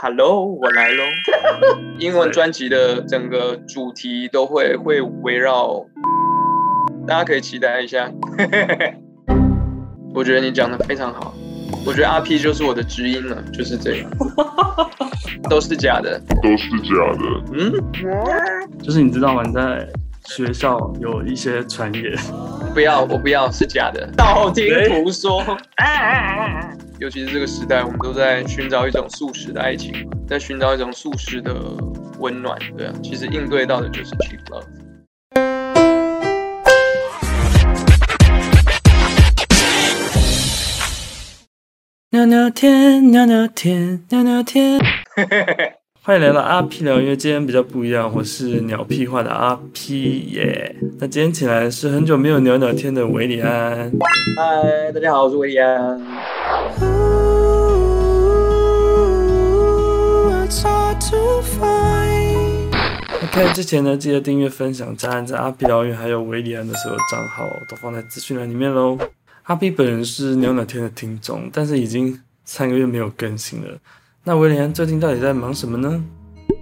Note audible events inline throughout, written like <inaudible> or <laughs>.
Hello，我來嘍。 <laughs> 英文專輯的整個主題都會會圍繞，大家可以期待一下。 <laughs> 我覺得你講得非常好，我覺得 RP 就是我的知音了，就是這樣。 <laughs> 都是假的，都是假的。嗯， <laughs> 就是你知道嗎，在學校有一些傳言，不要，我不要，是假的，對道聽途說。 <laughs> 啊啊啊啊尤其是這個時代，我們都在尋找一種素食的愛情嘛，在尋找一種素食的溫暖。對啊，其實應對到的就是 Cheap Love。聊聊天，聊聊天，聊聊天。 <laughs> 歡迎來到阿 P 聊，因為今天比較不一樣，我是鳥屁話的阿 P 耶。那今天請來的是很久沒有聊聊天的韋禮安。嗨，大家好，我是韋禮安。OK，之前呢記得訂閱、分享、加按讚，阿 P、遙遠還有韋禮安的所有賬號，都放在資訊欄裡面嘍。阿 P 本人是牛奶天的聽眾，但是已經三個月沒有更新了。那韋禮安最近到底在忙什麼呢？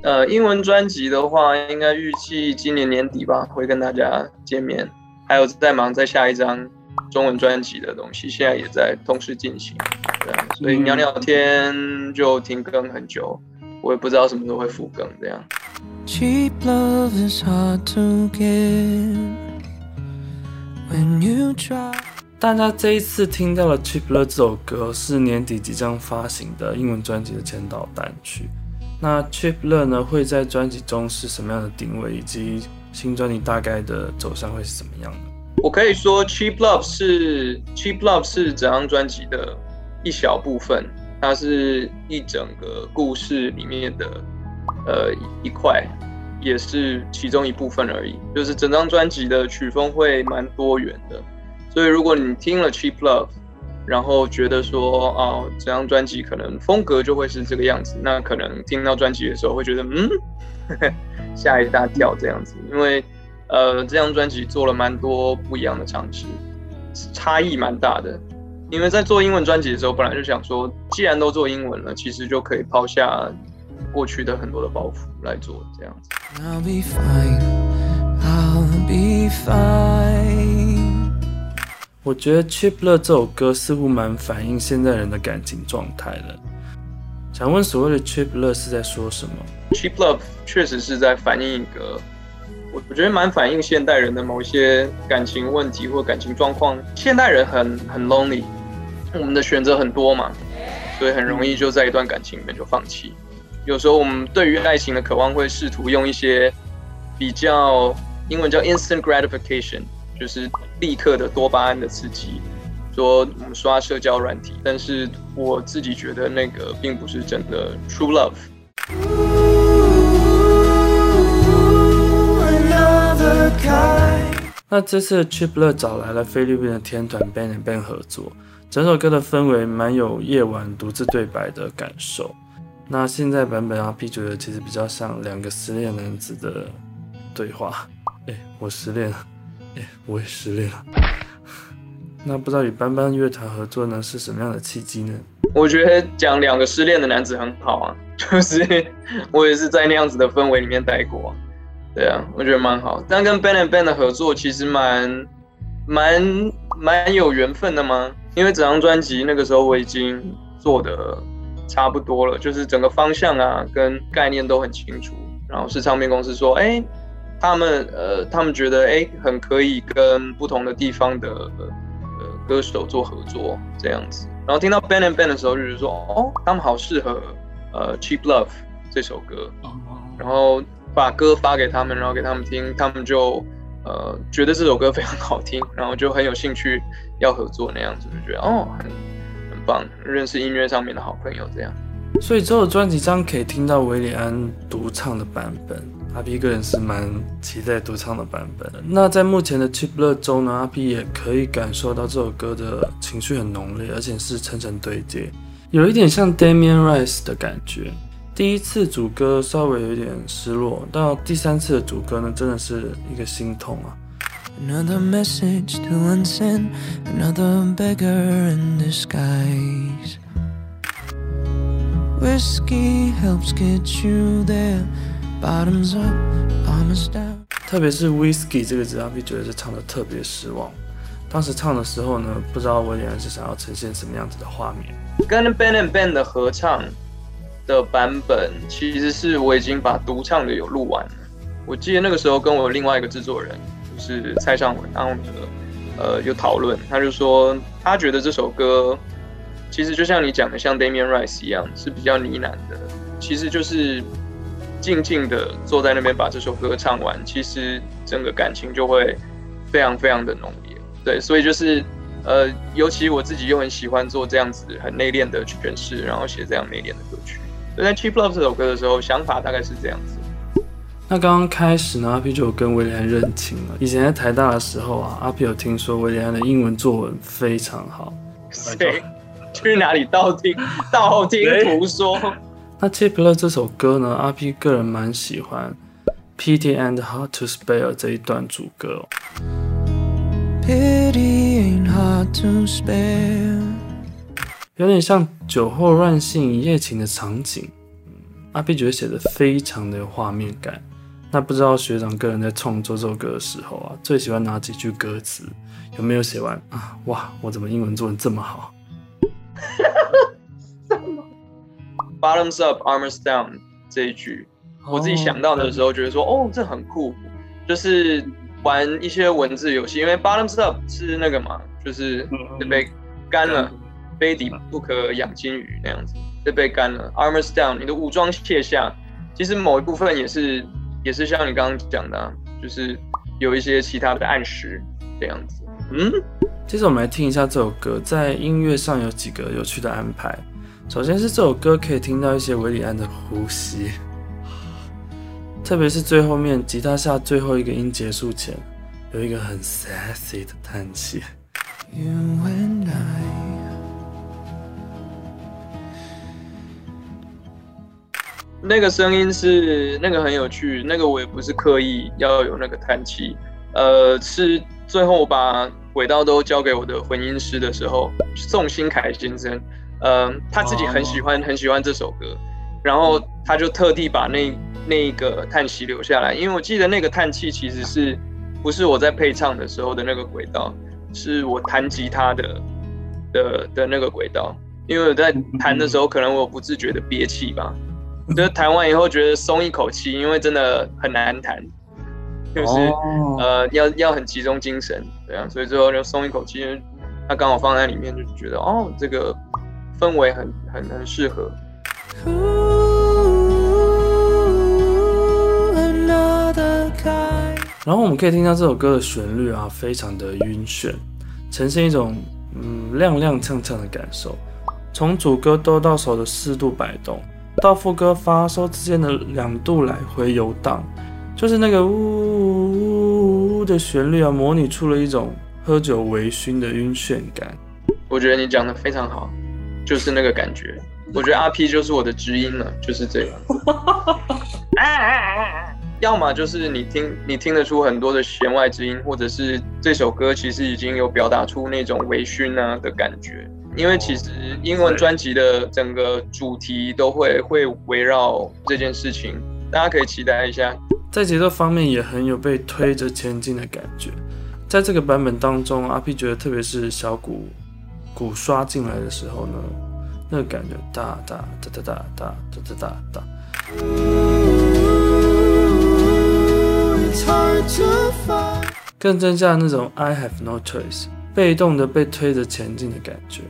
呃，英文專輯的話，應該預計今年年底吧，會跟大家見面。還有在忙再下一張。中文專輯的東西現在也在同時進行，對啊，所以聊聊天就停更很久，我也不知道什麼時候會復更這樣。Cheap Love is hard to get when you try. 但那這一次聽到了《Cheap Love》這首歌，是年底即將發行的英文專輯的前導單曲。那《Cheap Love》呢會在專輯中是什麼樣的定位，以及新專輯大概的走向會是怎麼樣的？我可以說《Cheap Love》是《Cheap Love》是整張專輯的一小部分，它是一整個故事裡面的呃一塊，也是其中一部分而已。就是整張專輯的曲風會蠻多元的，所以如果你聽了《Cheap Love》，然後覺得說啊、哦，整張專輯可能風格就會是這個樣子，那可能聽到專輯的時候會覺得嗯嚇 <laughs> 一大跳這樣子，因為。呃，這張專輯做了蠻多不一樣的嘗試，差異蠻大的。因為在做英文專輯的時候，本來就想說，既然都做英文了，其實就可以拋下過去的很多的包袱來做這樣子。I'll be fine, I'll be fine。嗯、我覺得《Cheap Love》這首歌似乎蠻反映現在人的感情狀態了。想問所謂的《Cheap Love》是在說什麼？《Cheap Love》確實是在反映一個。我我覺得蠻反映現代人的某一些感情問題或感情狀況。現代人很很 lonely，我們的選擇很多嘛，所以很容易就在一段感情裡面就放棄。有時候我們對於愛情的渴望會試圖用一些比較英文叫 instant gratification，就是立刻的多巴胺的刺激，說我們刷社交軟體。但是我自己覺得那個並不是真的 true love。那這次的 Cheap Love 找來了菲律賓的天團 Ben&Ben 合作，整首歌的氛圍蠻有夜晚獨自對白的感受。那現在版本阿 P 覺得其實比較像兩個失戀男子的對話。誒，我失戀了，誒，我也失戀了。那不知道與 Ben&Ben 樂團合作呢，是什麼樣的契機呢？我覺得講兩個失戀的男子很好啊，就是我也是在那樣子的氛圍裡面待過、啊。對啊，我覺得蠻好。但跟 Ben and Ben 的合作其實蠻、蠻、蠻、蠻有緣分的嘛，因為整張專輯那個時候我已經做得差不多了，就是整個方向啊跟概念都很清楚。然後是唱片公司說，哎，他們呃他們覺得哎很可以跟不同的地方的、呃、歌手做合作這樣子。然後聽到 Ben and Ben 的時候就是說，哦，他們好適合呃 Cheap Love 這首歌，然後。把歌發給他們，然後給他們聽，他們就，呃，覺得這首歌非常好聽，然後就很有興趣要合作那樣子，就覺得哦，很，很棒，認識音樂上面的好朋友這樣。所以之後專輯上可以聽到韋禮安獨唱的版本，阿皮個人是蠻期待獨唱的版本。那在目前的 Cheap Love 中呢，阿皮也可以感受到這首歌的情緒很濃烈，而且是層層堆疊，有一點像 Damien Rice 的感覺。第一次主歌稍微有點失落，到第三次的主歌呢，真的是一個心痛啊。特別是 whiskey 這個字，阿 P 覺得是唱得特別失望。當時唱的時候呢，不知道我原是想要呈現什麼樣子的畫面，跟 Ben and Ben 的合唱，的版本其實是我已經把獨唱的有錄完了。我記得那個時候跟我另外一個製作人，就是蔡尚文，然後我們呃有討論，他就說他覺得這首歌其實就像你講的，像 Damien Rice 一樣是比較呢喃的，其實就是靜靜的坐在那邊把這首歌唱完，其實整個感情就會非常非常的濃烈。對，所以就是呃，尤其我自己又很喜歡做這樣子很內斂的詮釋，然後寫這樣內斂的歌曲。就在《Cheap Love》這首歌的時候，想法大概是這樣子。那剛剛開始呢，阿 P 就有跟韋禮安認親了。以前在台大的時候啊，阿 P 有聽說韋禮安的英文作文非常好。誰？ <laughs> 去哪裡道聽道聽途說？那《Cheap Love》這首歌呢，阿 P 個人蠻喜歡《Pity and Hard to Spare》這一段主歌，哦。Pity and Hard to Spare 有點像酒後亂性一夜情的場景，阿 B 覺得寫的非常的有畫面感。那不知道學長個人在創作這首歌的時候啊，最喜歡哪幾句歌詞？有沒有寫完啊？哇，我怎麼英文做的這麼好？哈哈哈哈什麼？Bottoms up, arms down 這一句，oh, 我自己想到的時候覺得說，yeah. 哦，這很酷，就是玩一些文字遊戲。因為 bottoms up 是那個嘛，就是那杯乾了。Yeah. 杯底不可養金魚那樣子，這杯乾了。Armor down，你的武裝卸下，其實某一部分也是，也是像你剛剛講的，啊，就是有一些其他的暗示這樣子。嗯，接着我們來聽一下這首歌，在音樂上有幾個有趣的安排。首先是這首歌可以聽到一些韋禮安的呼吸，特別是最後面吉他下最後一個音結束前，有一個很 sexy 的嘆氣。那個聲音是那個很有趣，那個我也不是刻意要有那個嘆氣，呃，是最後我把軌道都交給我的混音師的時候，宋新凱先生，嗯、呃，他自己很喜歡、oh. 很喜歡這首歌，然後他就特地把那那個嘆氣留下來，因為我記得那個嘆氣其實是不是我在配唱的時候的那個軌道，是我彈吉他的的的那個軌道，因為我在彈的時候可能我不自覺的憋氣吧。我覺得彈完以後，覺得鬆一口氣，因為真的很難彈，就是呃要要很集中精神，對啊，所以最後就鬆一口氣。因為他剛好放在裡面，就覺得哦，這個氛圍很很很適合。然後我們可以聽到這首歌的旋律啊，非常的暈眩，呈現一種嗯踉踉蹌蹌的感受，從主歌 do 到首的四度擺動，到副歌發收之間的兩度來回遊蕩，就是那個嗚嗚嗚的旋律啊，模擬出了一種喝酒微醺的暈眩感。我覺得你講的非常好，就是那個感覺。我覺得阿 P 就是我的知音了、啊，就是這樣、個。 <laughs> 要麼就是你聽，你聽得出很多的弦外之音，或者是這首歌其實已經有表達出那種微醺啊的感覺。因為其實英文專輯的整個主題都會會圍繞這件事情，大家可以期待一下。在節奏方面也很有被推着前進的感覺，在這個版本當中，阿 P 覺得特別是小鼓鼓刷進來的時候呢，那個感覺噠噠噠噠噠噠噠噠噠噠，更增加那種 I have no choice，被動的被推着前進的感覺。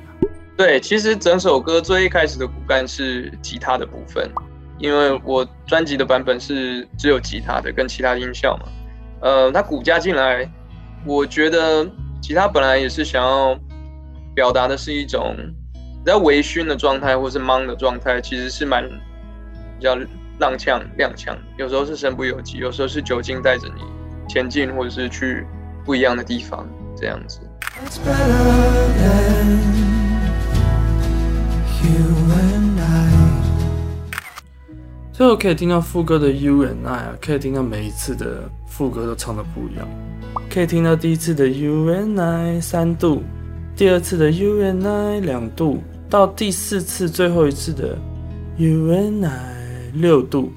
對，其實整首歌最一開始的骨幹是吉他的部分，因為我專輯的版本是只有吉他的跟其他音效嘛。呃，它骨架進來，我覺得吉他本來也是想要表達的是一種比較微醺的狀態，或是茫的狀態，其實是蠻比較踉蹌、踉蹌，有時候是身不由己，有時候是酒精帶着你前進，或者是去不一樣的地方這樣子。最後可以聽到副歌的 You and I 啊，可以聽到每一次的副歌都唱的不一樣，可以聽到第一次的 You and I 三度，第二次的 You and I 兩度，到第四次最後一次的 You and I 六度，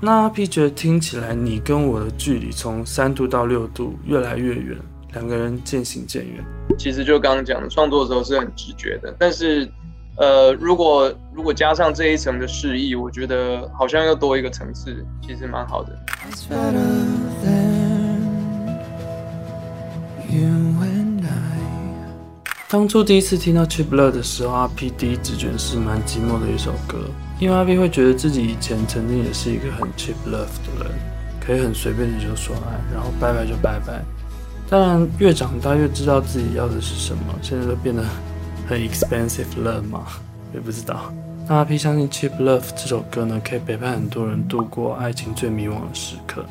那阿 P 覺得聽起來你跟我的距離從三度到六度越來越遠，兩個人漸行漸遠。其實就剛剛講的，創作的時候是很直覺的，但是。呃，如果如果加上這一層的釋義，我覺得好像又多一個層次，其實蠻好的。It's better than you and I. 當初第一次聽到 cheap love 的時候，阿 P 第一直覺得是蠻寂寞的一首歌，因為阿 P 會覺得自己以前曾經也是一個很 cheap love 的人，可以很隨便的就說愛，然後拜拜就拜拜。當然，越長大越知道自己要的是什麼，現在就變得很。很 expensive love 嘛，也不知道。那阿 P 相信 cheap love 這首歌呢，可以陪伴很多人度過愛情最迷惘的時刻。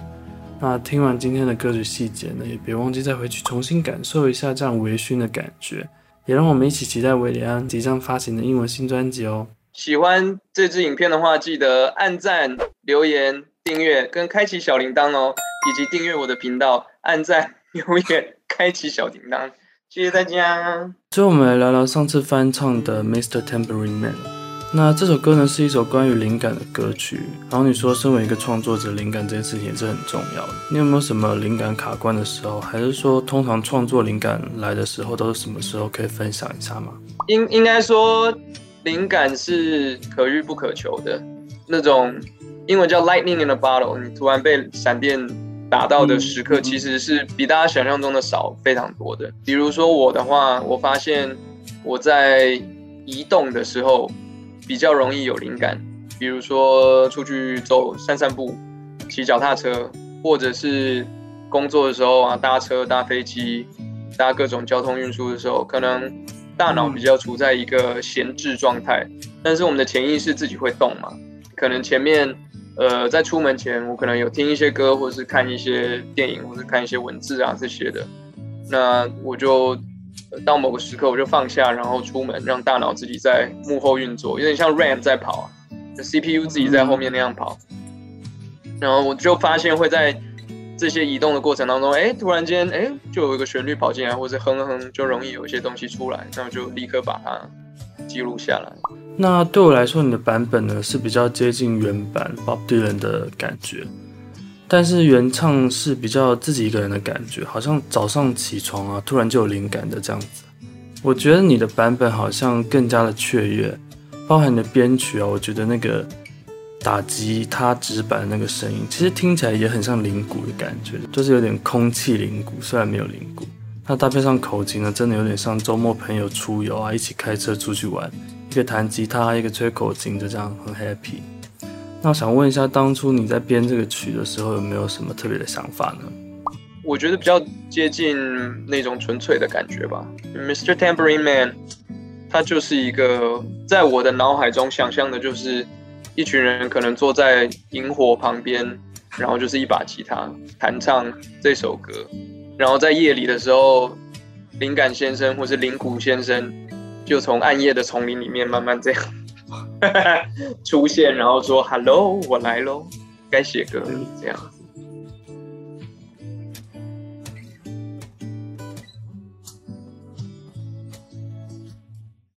那聽完今天的歌曲細節呢，也別忘記再回去重新感受一下這樣微醺的感覺。也讓我們一起期待韋禮安即將發行的英文新專輯哦。喜歡這支影片的話，記得按讚、留言、訂閱跟開啟小鈴鐺哦，以及訂閱我的頻道，按讚、留言、開啟小鈴鐺。謝謝大家。最後我們來聊聊上次翻唱的《Mr. Tambourine Man》。那這首歌呢，是一首關於靈感的歌曲。然後你說，身為一個創作者，靈感這件事情也是很重要。你有沒有什麼靈感卡關的時候？還是說，通常創作靈感來的時候都是什麼時候？可以分享一下嗎？應應該說，靈感是可遇不可求的，那種英文叫 lightning in a bottle，你突然被閃電。達到的時刻其實是比大家想象中的少非常多的。比如說我的話，我發現我在移動的時候比較容易有靈感，比如說出去走、散散步、騎腳踏車，或者是工作的時候啊，搭車、搭飛機、搭各種交通運輸的時候，可能大腦比較處在一個閒置狀態，但是我們的潛意識自己會動嘛，可能前面。呃，在出門前，我可能有聽一些歌，或是看一些電影，或是看一些文字啊這些的。那我就，呃，到某個時刻，我就放下，然後出門，讓大腦自己在幕後運作，有點像 RAM 在跑啊，就 CPU 自己在後面那樣跑。然後我就發現會在這些移動的過程當中，哎，突然間，哎，就有一個旋律跑進來，或者哼哼哼，就容易有一些東西出來，那我就立刻把它。記錄下來。那對我來說，你的版本呢，是比較接近原版 Bob Dylan 的感覺，但是原唱是比較自己一個人的感覺，好像早上起床啊，突然就有靈感的這樣子。我覺得你的版本好像更加的雀躍，包含你的編曲啊，我覺得那個打擊它指板的那個聲音，其實聽起來也很像鈴鼓的感覺，就是有點空氣鈴鼓，雖然沒有鈴鼓。那搭配上口琴呢，真的有點像周末朋友出遊啊，一起開車出去玩，一個彈吉他，一個吹口琴，就這樣很 happy。那我想問一下，當初你在編這個曲的時候，有沒有什麼特別的想法呢？我覺得比較接近那種純粹的感覺吧。Mr Tambourine Man，他就是一個在我的腦海中想象的，就是一群人可能坐在營火旁邊，然後就是一把吉他彈唱這首歌。然後在夜裡的時候，靈感先生或是靈谷先生就從暗夜的叢林裡面慢慢這樣 <laughs> 出現，然後說：“Hello，我來嘍，該寫歌了。嗯”這樣。